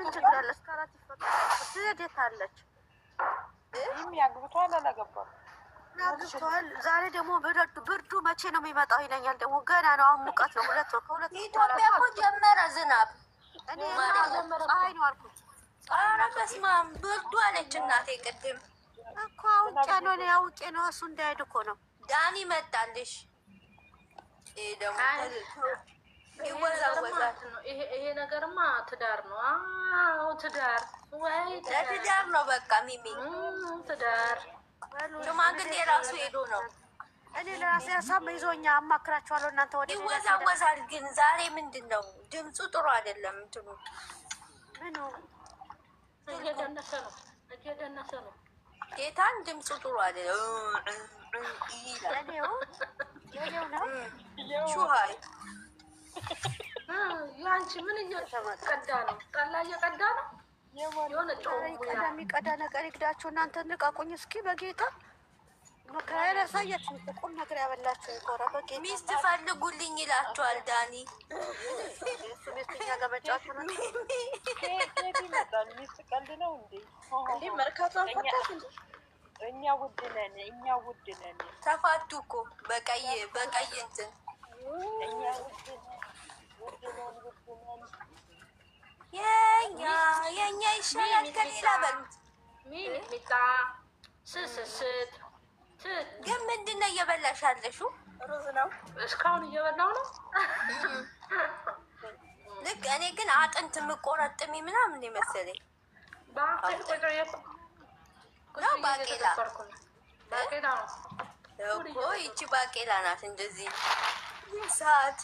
ምን ችግር አለ? ዛሬ ደግሞ ብርዱ መቼ ነው የሚመጣው ይለኛል። ደግሞ ገና ነው፣ አሁን ሙቀት ነው። ሁለት ወር ከሁለት ኢትዮጵያ እኮ ጀመረ ዝናብ። እኔ ፀሐይ ነው አልኩት። ኧረ በስመ አብ ብርዱ አለች እናቴ ቅድም እኮ አውቄ ነው እኔ አውቄ ነው። እሱ እንዳይሄድ እኮ ነው ዳኒ መጣልሽ ደግሞ ይሄ ነገርማ ትዳር ነው። አዎ ትዳር ወይ ትዳር ነው። በቃ ሚሚ ትዳር ሽማግሌ ራሱ ሄዶ ነው። እኔ ለራሴ ሀሳብ ይዞኛ አማክራችኋለሁ። እናንተ ወደ ይወዛወዛል። ግን ዛሬ ምንድን ነው ድምፁ ጥሩ አይደለም። እንትኑ ምኑ እየደነሰ ነው፣ እየደነሰ ነው። ጌታን ድምፁ ጥሩ አይደለም ሹሀይ ያንቺ ምንኛ ቀዳ ነው፣ ጠላ እየቀዳ ነው። ቀዳ የሚቀዳ ነገር ይግዳችሁ እናንተ። ንቃቁኝ እስኪ በጌታ መከራዬን ያሳያችሁ። ቁም ነገር ያበላችሁ ይኮራ በጌታ ሚስት ፈልጉልኝ ይላችኋል ዳኒ። እሱ ሚስት እኛ ጋር ሚስት ቀልድ ነው እንዴ? እንዴ መርካቶ አልፈታት እንዴ? እኛ ውድ ነን፣ እኛ ውድ ነን። ተፋቱ እኮ በቀይ በቀይ እንትን እኛ ውድ ነን የኛ የኛ ይሻላል ከሌላ በሉት። ስስስት ግን ምንድን ነው እየበላሽ ያለሽው? ሩዝ ነው እስካሁን እየበላው ነው። ልክ እኔ ግን አጥንት የምቆረጥሚ ምናምን የመሰለኝ ነው። ባቄላ እኮ ይቺ ባቄላ ናት እንደዚህ ሰዓት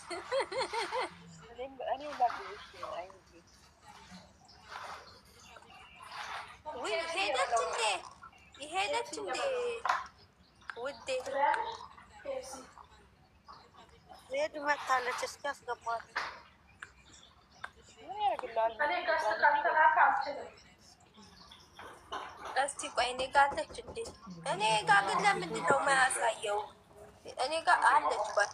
ሄደች እንዴ? ሄደች እንዴ? ውዴ ዜድ መታለች። እስኪ አስገባት። እስቲ ቆይ እኔ ጋ አለች እንዴ? እኔ ጋ ግን ለምንድን ነው የማያሳየው? እኔ ጋ አለች ቆይ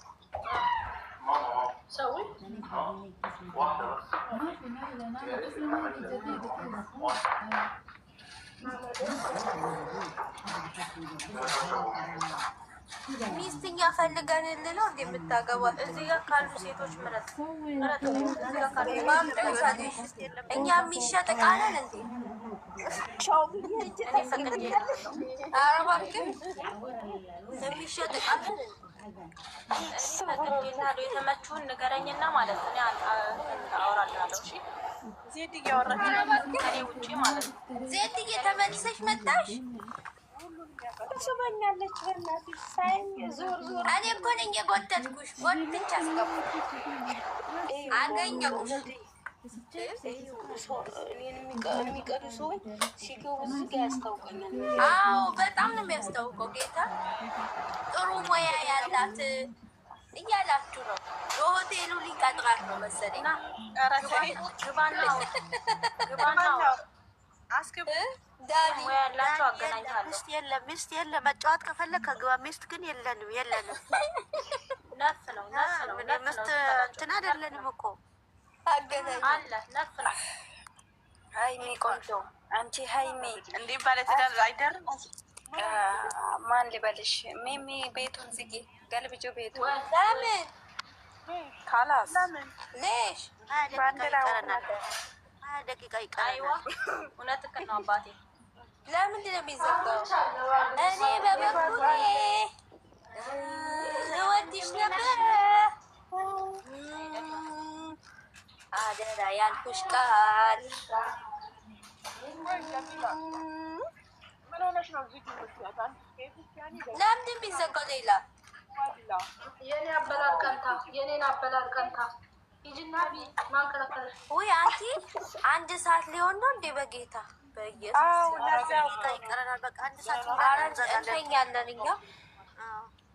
ሚስትኛ ፈልገን ልለው እንደ የምታገባ እዚህ ጋር ካሉ ሴቶች ምረጥ ምረጥ። እኛ የሚሸጥ ቃለን እንዴ እኔ ፈቅድ የሚሸጥ ቃለን የተመችውን ንገረኝና ማለት ነው አወራልሃለሁ። ዜድ እያወራች ከእኔ ውጪ ማለት እየተመልሰሽ መጣሽ ትስበኛለች። በእናትሽ ሳይኝ ዞር ዞር። እኔ እኮ ነኝ የጎተትኩሽ፣ ጎትቼ አስገቡሽ፣ አገኘሁሽ የሚቀዱ ሰዎች ሲገቡ እዚህ ያስታውቀኛል። አዎ በጣም ነው የሚያስታውቀው። ጌታ ጥሩ ሙያ ያላት እያላችሁ ነው። በሆቴሉ ሊቀጥራት ነው መሰለኝ። ሚስት የለ ሚስት የለ። መጫወት ከፈለግ ከግባ። ሚስት ግን የለንም የለንም። ነፍ ነው ነፍ ነው። ሚስት እንትን አይደለንም እኮ ሀይሚ ቆንጆ አንቺ ሀይሚ እንዲህ ባለ ትዳር ማን ልበልሽ? ሚሚ ቤቱን ዝጊ፣ ገልብጩ ቤቱ ለምን ካላስ ሌሽ ባንዲራ ደቂቃ ለምንድን ነው የሚዘጋው? እኔ በበኩሌ እወድሽ ነበር አደራ ያልኩሽ ቃል ለምንድን የሚዘጋው ሌላ የኔ አበላል ቀንታ የኔን አበላል ቀንታ ሂጂና ማንከለከለሽ ውይ አንቲ አንድ ሰዓት ሊሆን ነው እንዴ በጌታ በየሱስ ይቀረናል በቃ አንድ ሰዓት እንተኛለን እኛ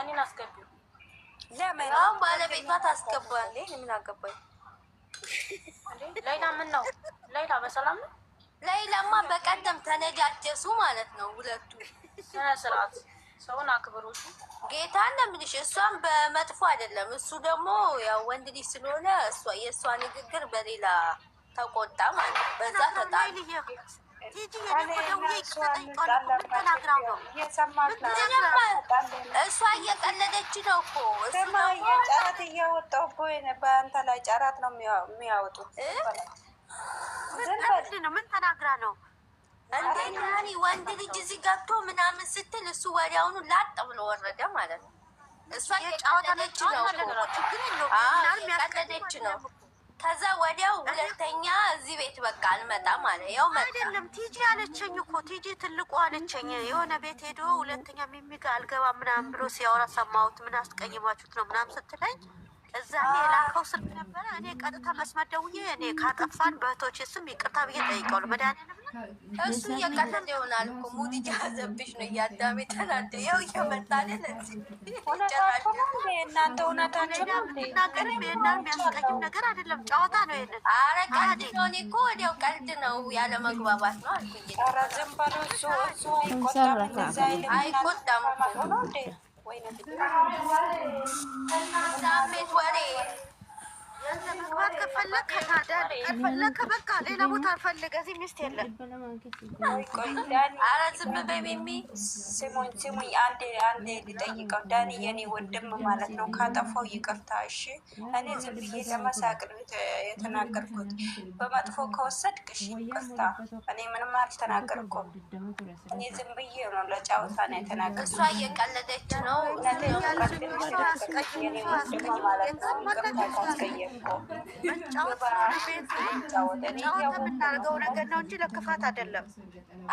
እኔን አስገቢው። ለምን አሁን ባለቤቷ ታስገባለች? ምን አገባኝ። ሌላ ምን ነው ሌላ፣ በሰላም ነው ሌላማ። በቀደም ተነጃጀሱ ማለት ነው ሁለቱ። ስነ ስርዓት ሰውን አክብሩ። ጌታ እንደምልሽ እሷን በመጥፎ አይደለም። እሱ ደግሞ ያው ወንድ ልጅ ስለሆነ የእሷ ንግግር በሌላ ተቆጣ ማለት በዛ ተጣ እሷ እየቀለደች ነው እኮ ጫራት እያወጣሁ እኮ በአንተ ላይ ጫራት ነው የሚያወጡት። ምን ተናግራ ነው? እንዴት ሆኒ ወንድ ልጅ እዚህ ገብቶ ምናምን ስትል እሱ ወዲያውኑ ላጥ ብሎ ወረደ ማለት ነው። እሷ እየቀለደች ነው። ከዛ ወዲያው ሁለተኛ እዚህ ቤት በቃ አልመጣም አለ። ያው አይደለም ቲጂ አለችኝ እኮ ቲጂ ትልቁ አለችኝ። የሆነ ቤት ሄዶ ሁለተኛ ሚሚጋ አልገባ ምናምን ብሎ ሲያወራ ሰማሁት። ምን አስቀይማችሁት ነው ምናምን ስትለኝ እዛ የላከው ስልክ ነበረ። እኔ ቀጥታ መስመር ደውዬ እኔ ካጠፋን በእህቶች ስም ይቅርታ ብዬ ጠይቀዋለሁ። መድኃኒዓለም እሱ እየቀለደ ይሆናል እኮ ሙድ እያዘብሽ ነው። እያዳሜ ተናደ ው እየመጣልን እናንተ እውነታ ምትናገር ና የሚያስቀይም ነገር አይደለም። ጨዋታ ነው። ይንን አረ ቀልድ እኮ ወዲያው ቀልድ ነው። ያለ መግባባት ነው አልኩኝ። ኧረ ዝም በለው እሱ እሱ አይቆጣም። አይቆጣም Why not? Ang dami, 20. መግባት ከፈለግ ከታደል አልፈለግ ከበቃ ሌላ ቦታ አልፈልግ። እዚህ ሚስት የለም። ኧረ ዝም በይ ሚሚ። ስሙኝ ስሙኝ፣ አንዴ አንዴ ልጠይቀው። ዳኒ የኔ ወንድም ማለት ነው። ካጠፋው ይቅርታ እሺ። እኔ ዝም ብዬ ለመሳቅ የተናገርኩት በመጥፎ ከወሰድክ እሺ ይቅርታ። እኔ ምንም አልተናገርኩም። እኔ ዝም ብዬ ነው ለጫወታ ነው የተናገርኩት። እሷ እየቀለደች ነው። ማለት ነው። መጫወት የምናደርገው ነገር ነው እንጂ ለክፋት አይደለም።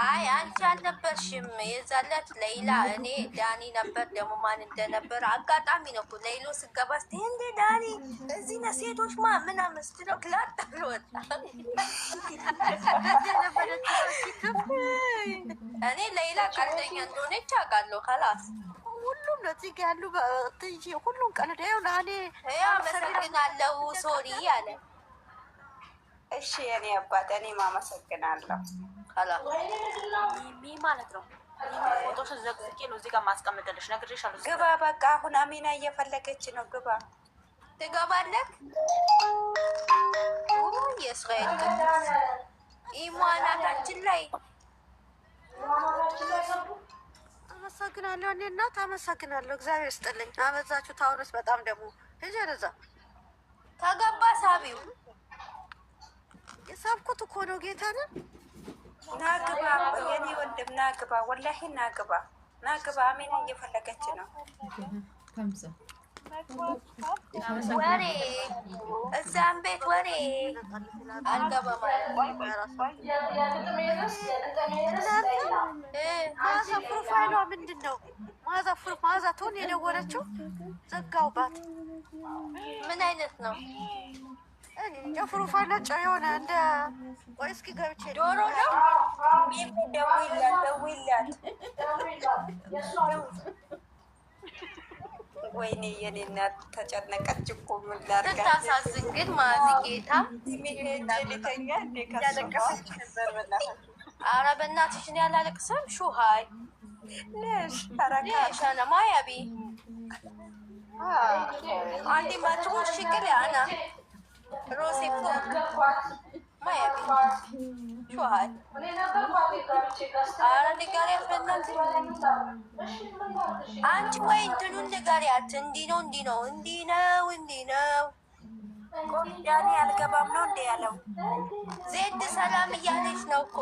አይ አንቺ አልነበርሽም የዛን ዕለት ሌላ፣ እኔ ዳኒ ነበር። ደግሞ ማን እንደነበር አጋጣሚ ነው እኮ ሌሎ ስገባ ስ እንደ ዳኒ እዚህ ነው ሴቶች ማ ምናምን ስትለው ክላጣ ወጣ። እኔ ሌላ ቀልደኛ እንደሆነች አውቃለሁ። ከላስ ሁሉም እዚህ ጋ ያሉ ትይ ሁሉም ቀን ደ ናኔ አመሰግናለሁ። ሶሪ አለ። እሺ የኔ አባት እኔ ማመሰግናለሁ ሚ ማለት ነው። ፎቶሽን ዘግዝቄ ነው እዚህ ጋር ማስቀምጥልሽ። ነግሬሻለሁ። ግባ በቃ አሁን አሚና እየፈለገች ነው። ግባ ትገባለህ። የእስራኤል ቅዱስ ኢሟናታችን ላይ አመሰግናለሁ። እኔ እናት አመሰግናለሁ። እግዚአብሔር ስጥልኝ። አበዛችሁ ታውረስ በጣም ደግሞ እጅ ረዛ ተገባ ሳቢው የሳብኩት እኮ ነው። ነ ናግባ፣ የኔ ወንድም ናግባ፣ ወላሂ ናግባ፣ ናግባ። አሜን እየፈለገች ነው። ወሬ እዛም ቤት ወሬ አልገባም። ማዛ ፕሮፋይሏ ምንድን ነው? ማዛ ማዛ ትሆን የደወለችው ዘጋውባት። ምን አይነት ነው? እንደ ፕሮፋይሏ ጨው የሆነ እንደ ቆይ፣ እስኪ ገብቼ ዶሮ ነው። ወይኔ የኔ እናት ተጨነቀች እኮ ምን ላድርግ። ስታሳዝን ግን ማዝጌታ ልተኛ እንዴ ያለቀሰች ነበር። በእናታችሁ ኧረ በእናትሽ እኔ አላለቅስም። ሹሀይ ልሽ ተረካሸነ ማያቢ አንዲ ማትሆን ሽቅል ያና ሮሴ ማያቢ ይመችኋል። ኧረ ንገሪያት በእናትህ። አንቺ ወይ እንትኑን ንገሪያት። እንዲህ ነው እንዲህ ነው እንዲህ ነው እንዲህ ነው። ዳኒ አልገባም ነው እንደ ያለው። ዜድ ሰላም እያለች ነው እኮ።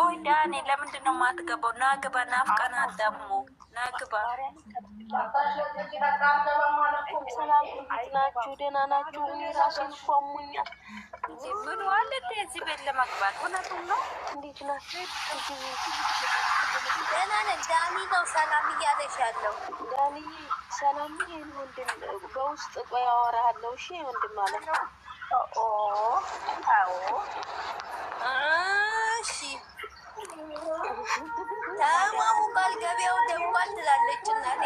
ቆይ ዳኒ ለምንድን ነው የማትገባው? ናግባ ናፍቀናት ደግሞ ናግባ እንዴት ናችሁ? ደህና ናችሁ? እኔ እራሴ ፏሙኛል። ምን ዋለ እዚህ ቤት ለመግባት እውነቱን ነው። እንዴት ናችሁ? ደህና ነን። ዳኒ ነው ሰላም እያለሽ ያለው ዳኒ ሰላም። ይሄን ወንድም በውስጥ ቆይ አወራለሁ። እሺ ወንድም ማለት ነው። ኦ አዎ እሺ ተሟሙቃል፣ ገበያው ደምቋል ትላለች እናቴ።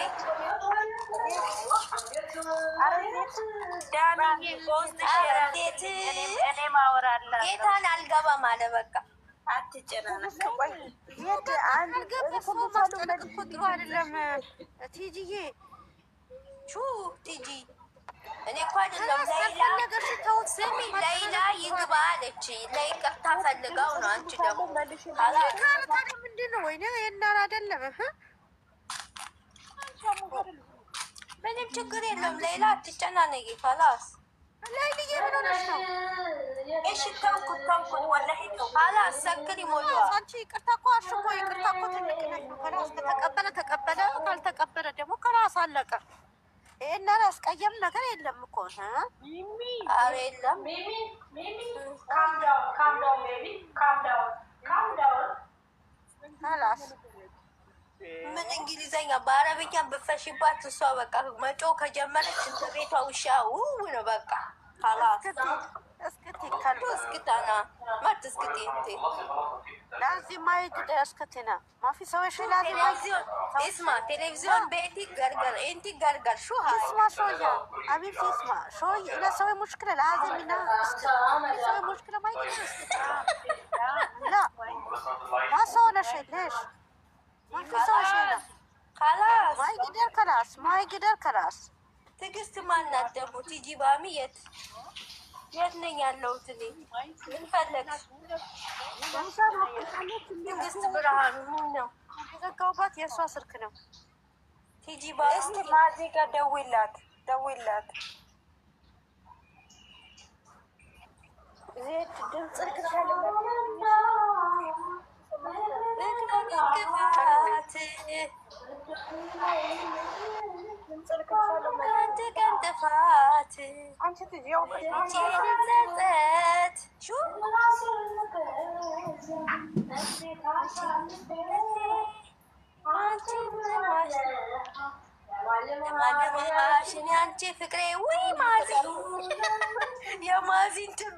ጌታን አልገባም አለ በቃ አትጨናነቅ። እኔ እኮ አይደለም ለይላ ይግባ አለች። ይቅርታ ፈልገው ነው። አንቺ ደግሞ ምንድን ነው? ወይኔ የእናር አይደለም። ምንም ችግር የለም። ለይላ አትጨናነቂ። ከላስ ለይልዬ ምን ሆነሽ ነው? እሺ ተውኩት ተውኩት፣ ወላሂ ተውኩት። ከላስ ሰክር ይሞላዋል። አንቺ ይቅርታ እኮ አልሽ እኮ ይቅርታ እኮ ትልቅ ነሽ። ከላስ ከተቀበለ ተቀበለ፣ ካልተቀበለ ደግሞ ከላስ አለቀ። ይሄንን አስቀየም ነገር የለም እኮ ኧረ የለም። ምን እንግሊዘኛ በአረብኛ ብፈሽባት እሷ በቃ መጮ ከጀመረች ቤቷ ውሻ ነው በቃ ላዚማ ደስክቲና ማፊ ሰዎች ስማ ቴሌቪዚዮን ቤቲ ገርገር ንቲ ገርገር ስማ ሾያ አቢብ ስማ ሾይ ለሰው ሙሽክለ ላዚሚና ሰው ሙሽክለ ማይ ላ ማሰሆነሽ ሌሽ ማፊ ሰዎች ማይ ግደር ከላስ ማይ ግደር ከላስ ትግስት ማናት ደግሞ ቲጂ ባሚ የት የት ነኝ ያለሁት? እኔ ምን ፈለግሽ? ትዕግስት ብርሃኑ ምን ነው የዘጋሁባት? የእሷ ስልክ ነው። ቲጂ እስኪ ማዚ ጋር ደውይላት፣ ደውይላት። ድምፅ አንድ ቀን ጥፋት ማሽን አንቺ ፍቅሬ ወይ ማዚ የማዚ እንትን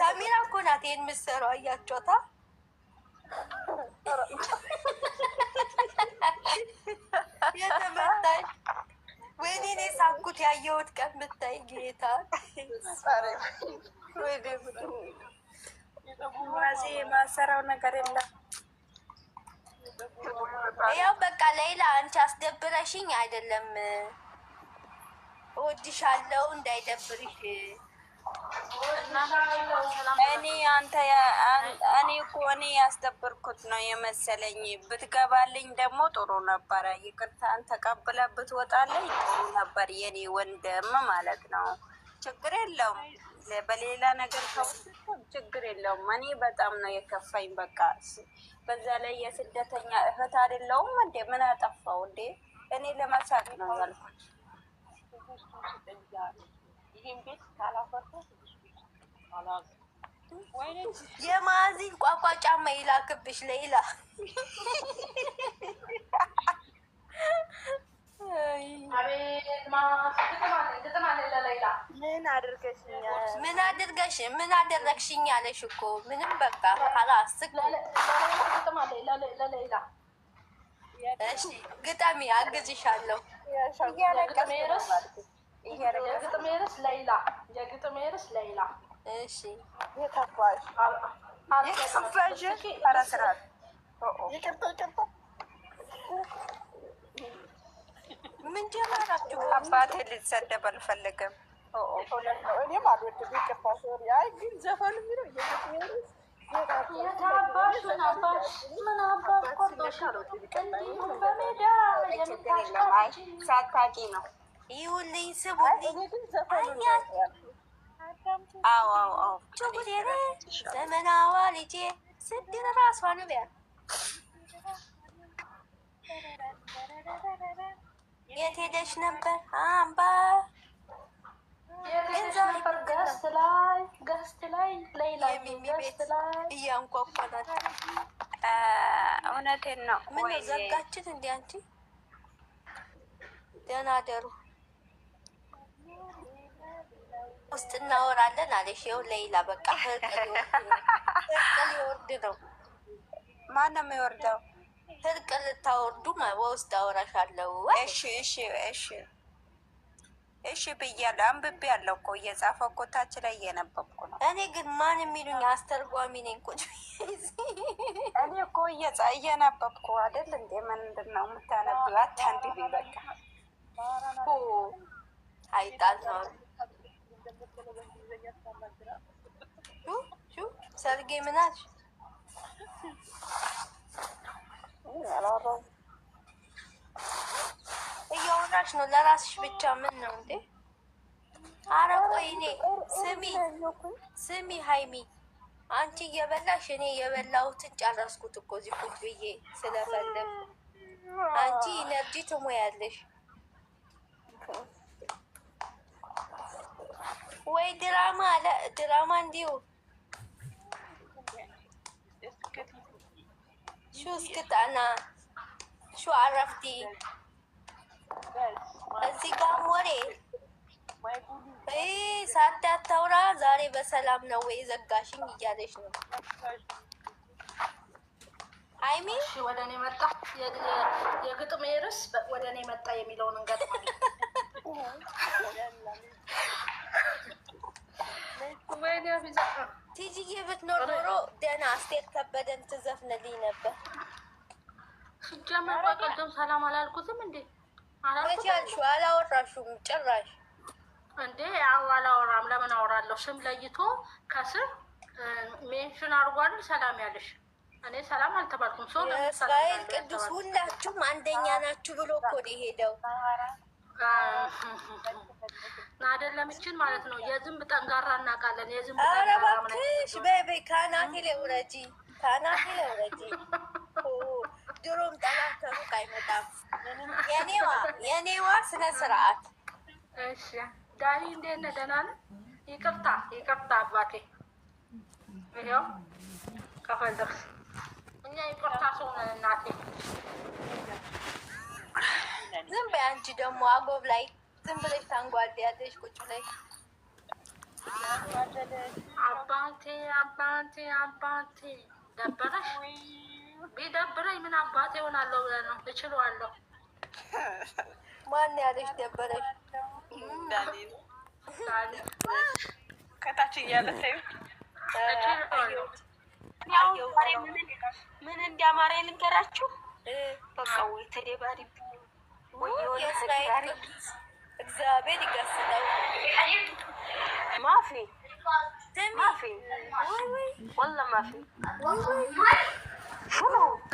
ተሚራ እኮ ናት ይሄን የምትሰራው አያቸዋታ የተመታሽ ወይኔ እኔ ሳኩት ያየሁት ቀን ብታይ ጌታ ዋዜ የማሰራው ነገር የለም። ያው በቃ ሌላ አንቺ አስደብረሽኝ አይደለም እወድሻለሁ እንዳይደብርሽ እኔ አንተ እኔ እኮ እኔ ያስደብርኩት ነው የመሰለኝ። ብትገባልኝ ደግሞ ጥሩ ነበረ። ይቅርታን ተቀብለ ብትወጣልኝ ጥሩ ነበር። የኔ ወንድም ማለት ነው። ችግር የለውም። በሌላ ነገር ከውስጥም ችግር የለውም። እኔ በጣም ነው የከፋኝ። በቃ በዛ ላይ የስደተኛ እህት አይደለሁም እንዴ? ምን አጠፋው እንዴ? እኔ ለመሳቅ ነው ያልኩት። ይሄን ቤት ካላፈርኩት የማዚን ቋቋ ጫማ ይላክብሽ ለይላ ምን አድርገሽኛል? ምን አድርገሽ ምን አደረግሽኝ አለሽ እኮ ምንም በቃ ሀላስ ግጠሚ አግዝሻለሁ። የግጥም ርዕስ ሌላ የግጥም ርዕስ ሌላ ምን ጀመራችሁ? አባቴ ሊሰደብ አልፈለገም። እኔም አልወድም። አይ ግን ዘፈኑ የሚለው ሳታቂ ነው ይሁልኝ ስቡልኝ ጭቡሌ ዘመናዋ ልጄ ስድር ራሷ ነው ያ የት ሄደሽ ነበር? አምባ ገስት ላይ ሌላ እያንኳኳላት። እውነቴን ነው። ምን ዘጋችን እንደ አንቺ ደህና ደሩ ውስጥ እናወራለን አለሽ። ይኸው ሌላ በቃ ሊወርድ ነው። ማነው የሚወርደው? ህርቅ ልታወርዱ በውስጥ አወራሻለሁ። እሺ፣ እሺ፣ እሺ፣ እሺ ብያለሁ። አንብቤ ያለው እኮ እየጻፈ እኮ ታች ላይ እየነበብኩ ነው። እኔ ግን ማን የሚሉኝ አስተርጓሚ ነኝ። ቁጭ እኔ እኮ እየጻ እየነበብኩ አይደል እንዴ? ምንድን ነው የምታነቢው? አታንብቢ በቃ። አይጣል ነው ሰርጌ ምን አልሽ? እያወራች ነው ለራስሽ ብቻ። ምን ነው እንዴ? አረ ቆይ እኔ ስሚ ስሚ፣ ሀይሚ አንቺ እየበላሽ እኔ የበላሁትን ጨረስኩት እኮ እዚህ ቁጭ ብዬ ስለፈለግ አንቺ ኢነርጂ ትሞያለሽ። ድራማ አለ ድራማ እንዲሁ ሹ እስክታና ሹ አረፍቲ እዚህ ጋር ወሬ ሳታታውራ ዛሬ በሰላም ነው ወይ ዘጋሽኝ እያለች ነው አይሚ። ወደ እኔ መጣ የግጥም ርዕስ ወደ እኔ መጣ የሚለውን እንገጥማለን። ቲጂዬ ብትኖር ኖሮ ደህና አስቴር ከበደን ትዘፍንልኝ ነበር። ሲጀመር በቀደም ሰላም አላልኩትም እንዴ? አላልኩትም፣ አላወራሽም ጭራሽ እንዴ? አዎ አላወራም። ለምን አወራለሁ? ስም ለይቶ ከስር ሜንሽን አድርጓል። ሰላም ያለሽ እኔ ሰላም አልተባልኩም። ሰው እስራኤል ቅዱስ ሁላችሁም አንደኛ ናችሁ ብሎ እኮ ነው የሄደው። አይደለምችን ማለት ነው። የዝንብ ጠንጋራ እናውቃለን። የዝንብ ኧረ እባክሽ በይ በይ ላይ ውረጂ፣ ላይ ውረጂ። ድሮም ጠላት ከሩቅ አይመጣም። የኔዋ የኔዋ ስነ ስርዓት። እሺ ዳኒ እንዴት ነህ? ደህና ነህ? ይቅርታ ይቅርታ አባቴ ይኸው እኛ ይቅርታ እናቴ። ዝም በይ አንቺ ደግሞ አጎብ ላይ ዝም ብለሽ ታንጓዲያለሽ ቁጭ ላይ አባቴ አባቴ አባቴ ደበረሽ? ቢደብረኝ ምን አባቴ ሆናለሁ ብለህ ነው? እችለዋለሁ። ማን ያለሽ ደበረሽ? ከታች እያለ ምን እንዲያማራ ልንገራችሁ። በቃ ወይ ተደባሪ ወይ እግዚአብሔር ይገስጠው። ማፊ ማፊ ወላ ማፊ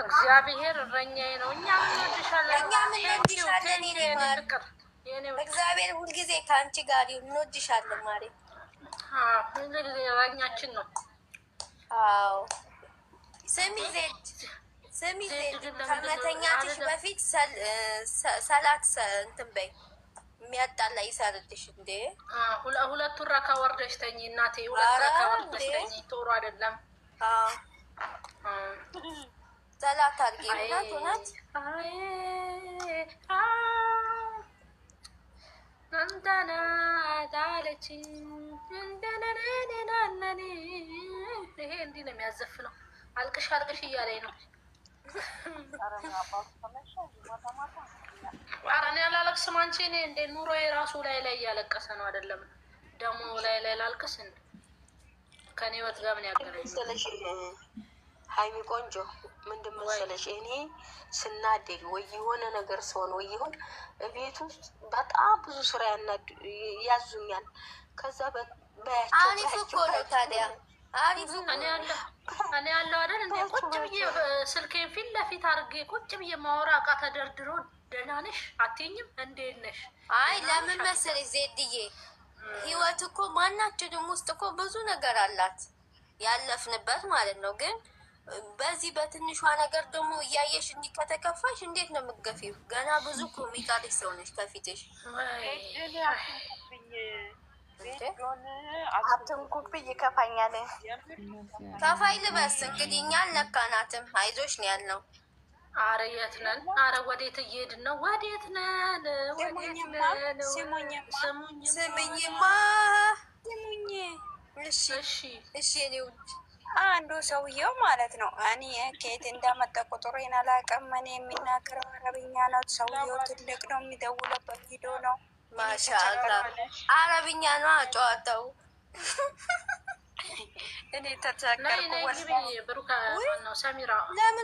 እግዚአብሔር እረኛዬ ነው። እኛ እንወድሻለን። እግዚአብሔር ሁልጊዜ ከአንቺ ጋር እንወድሻለን ማለት ሁልጊዜ እረኛችን ነው። አዎ ስሚ ዜድ ስሚ ዜድ ከመተኛትሽ በፊት ሰላት እንትን በይ የሚያጣላ ይሳልልሽ እንዴ! ሁለቱ ረካ ወርደሽ ተኝ እናቴ፣ ሁለቱ ረካ ወርደሽ ተኝ። ቶሎ አይደለም ሰላት አድርጌ ናት ይሄ እንዲህ ነው የሚያዘፍነው። አልቅሽ አልቅሽ እያለኝ ነው። ኧረ እኔ አላለቅስም። አንቺ እኔ እንደ ኑሮዬ ራሱ ላይ ላይ እያለቀሰ ነው አይደለም ደግሞ ላይ ላይ ላልቅስ እንደ ከኔ ወት ጋር ምን ያገናኛለሽ? ሀይሚ ቆንጆ ምንድን መሰለሽ፣ እኔ ስናደግ ወይ የሆነ ነገር ሲሆን ወይ ይሆን ቤት ውስጥ በጣም ብዙ ስራ ያናድ ያዙኛል። ከዛ በያቸው ታዲያ አሪፍ እኔ ያለው አይደል እንደ ቁጭ ብዬ ስልኬን ፊት ለፊት አድርጌ ቁጭ ብዬ ማውራ እቃ ተደርድሮ ደህና ነሽ አትይኝም? እንዴት ነሽ? አይ ለምን መሰለሽ ዜድዬ ህይወት እኮ ማናችንም ውስጥ እኮ ብዙ ነገር አላት ያለፍንበት ማለት ነው። ግን በዚህ በትንሿ ነገር ደግሞ እያየሽ እንዲህ ከተከፋሽ እንዴት ነው የምትገፊው? ገና ብዙ እኮ የሚቀርሽ ሰው ነሽ ከፊትሽ አትንኩብኝ፣ ይከፋኛል። ከፋይ ልበስ እንግዲህ እኛ አልነካናትም። አይዞሽ ነው ያልነው አረ የት ነን? አረ ወዴት እየሄድን ነው? ወዴት ነን? ስሙኝማ ስሙኝ። እሺ እሺ። አንዱ ሰውየው ማለት ነው እኔ ከየት እንዳመጣ ቁጥሬን አላውቅም። እኔ የሚናገረው አረብኛ ነው። ሰውየው ትልቅ ነው። የሚደውለበት ሂዶ ነው። ማሻአላ አረብኛ ነው አጫዋተው እኔ ተቸገርኩ። ለምን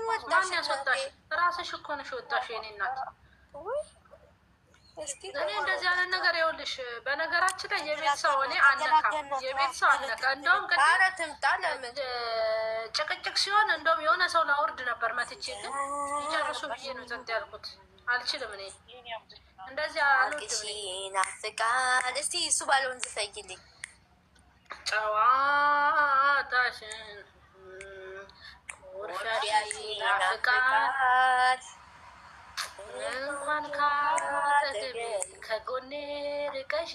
ወጣሽ? ራስሽ እኮ ነሽ ወጣሽ። የእኔ እናት ጭቅጭቅ ሲሆን እንደውም የሆነ ሰው ላውርድ ነበር መትቼ፣ ግን ይጨርሱ ብዬ ነው ዘንድ ያልኩት። አልችልም እኔ እንደዚህ አልወድም። ናፍቃል። እስቲ እሱ ባለውን ዝፈይልኝ ተዋታሽን ኩርፊያቲ ናፍቃት እንኳን ካጠገቤ ከጎኔ ርቀሽ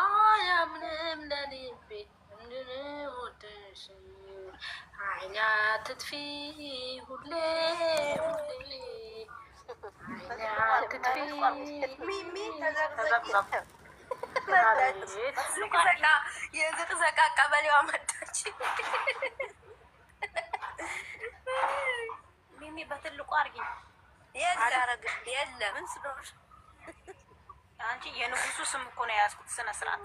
አያምንም ለልቤ እንድንወደሽ አይኛ ትጥፊ ሁሌ ሁሌ አይኛ ትጥፊ የዝቅዘቃ ቀበሌዋ መጣች። ሚሚ በትልቁ አርጊ። የለም አንቺ የንጉሱ ስም እኮ ነው የያዝኩት። ስነ ስርዓት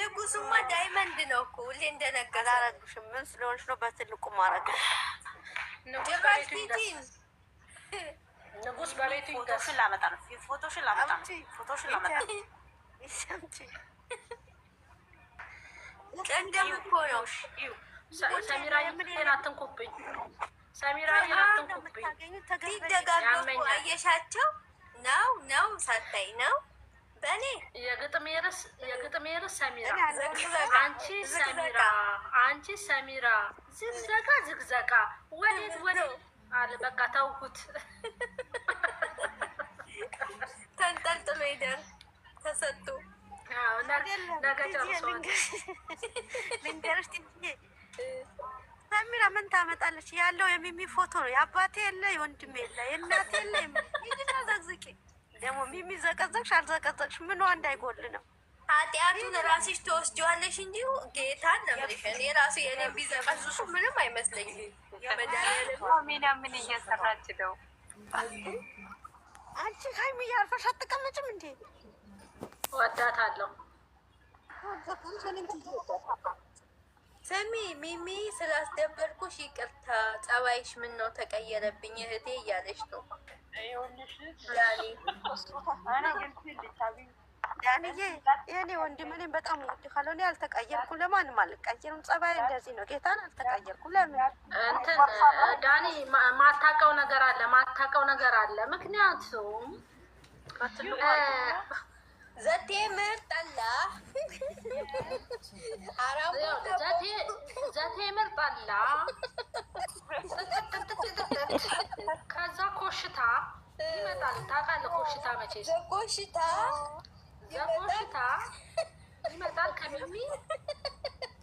ንጉሱማ ዳይመንድ ነው እኮ ሁሌ እንደነገር አላረግሽም። ምን ስለሆንሽ ነው በትልቁ ማረግሽ? ንጉስ በቤቱ ፎቶሽን ላመጣ ነው። ፎቶሽን ላመጣ ነው። ፎቶሽን ላመጣ ነው። ቅድም ነው ሰሚራ አትንኩብኝ፣ ሰሚራ አትንኩብኝ። ሲደጋገሙ ነው ሳታይ ነው በእኔ የግጥሜ ርዕስ ሰሚራ አንቺ ሰሚራ አንቺ ሰሚራ ዝግዘጋ ዝግዘጋ ወዴት ወዴት አለ። በቃ ተውኩት ተንጠልጥሎ ይደር ተሰጡ ልንገርሽ ሰሚራ ምን ታመጣለች? ያለው የሚሚ ፎቶ ነው። የአባቴ የለ፣ የወንድሜ የለ፣ የእናቴ የለ። ይድና ዘቅዝቂ ደግሞ ሚሚ ዘቀዘቅሽ አልዘቀዘቅሽ ምን እንዳይጎል ነው። ኃጢአቱን ራስሽ ተወስጂዋለሽ እንጂ ጌታን ነምልሽን የራሱ የኔ ቢዘቀዝሱ ምንም አይመስለኝም። ሚና ምን እየሰራች ነው? አንቺ ሀይሚ ያርፈሽ አትቀመጭም እንዴ? እወዳታለሁ። ስሚ ሚሚ፣ ስላስደበርኩሽ ይቅርታ። ጸባይሽ ምን ነው ተቀየረብኝ እህቴ እያለች ነው ያንዬ። የኔ ወንድም እኔም በጣም ወድ ካልሆነ ያልተቀየርኩ ለማንም አልቀየርም። ጸባይ እንደዚህ ነው። ጌታን አልተቀየርኩ። ለምን እንትን ዳኒ ማታቀው ነገር አለ፣ ማታቀው ነገር አለ። ምክንያቱም ዘቴ ምርጥ ዘቴ ምርጥ አለ። ከዛ ኮሽታ ይመጣል። ታውቃለህ? ኮሽታ መቼ ኮሽታ ዘኮሽታ ይመጣል ከሚሚ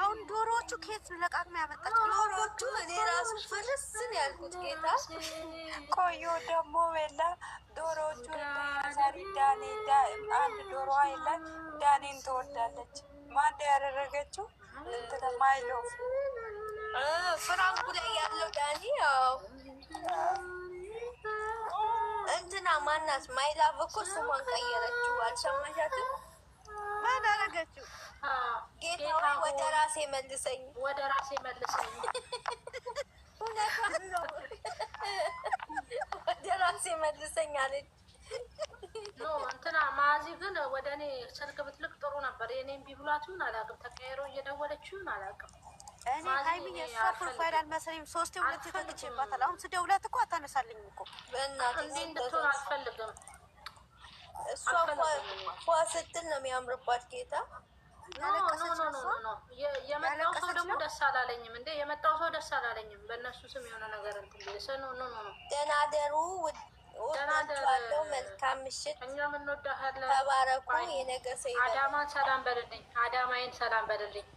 አሁን ዶሮዎቹ ከየት ነው ለቃቅማ ያመጣቸው? ዶሮዎቹ እኔ ራሱ ፍርስን ያልኩት ጌታ ቆዩ። ደግሞ በላ ዶሮዎቹ ዛሬ ዳኔ አንድ ዶሮ አይላት ዳኔን ትወዳለች። ማንደ ያደረገችው ማይለው ፍራንኩ ላይ ያለው ዳኒ ያው እንትና ማናት ማይላቭ እኮ ስሟን ቀየረችው። አልሰማሻትም? ማን አረገችው? ጌታ ወደ ራሴ መልሰኝ፣ ወደ ራሴ መልሰኝ፣ ወደ ራሴ መልሰኝ አለች። ኖ እንትና ማዚ ግን ወደ እኔ ስልክ ብትልቅ ጥሩ ነበር። የኔ እምቢ አላውቅም፣ ተቀይሮ እየደወለች አላውቅም። እኔ ሀይሚ የእሷ ፕሮፋይል አልመሰለኝም። ሶስቴ ሁለት ተግቼባታል። አሁን ስደውላት እኮ አታነሳልኝም እኮ እንዴ። እንድትሆን አልፈልግም። እሷ ኳ ስትል ነው የሚያምርባት ጌታ የመጣው ሰው ደግሞ ደስ አላለኝም። እንደ የመጣው ሰው ደስ አላለኝም። በእነሱ ስም የሆነ ነገር እንትን ደህና ደሩ። ደህና ደሩ። መልካም ምሽት። እኛም እንወዳሃለን። ተባረኩ። የነገ ሰው አዳማን ሰላም በልልኝ። አዳማዬን ሰላም በልልኝ።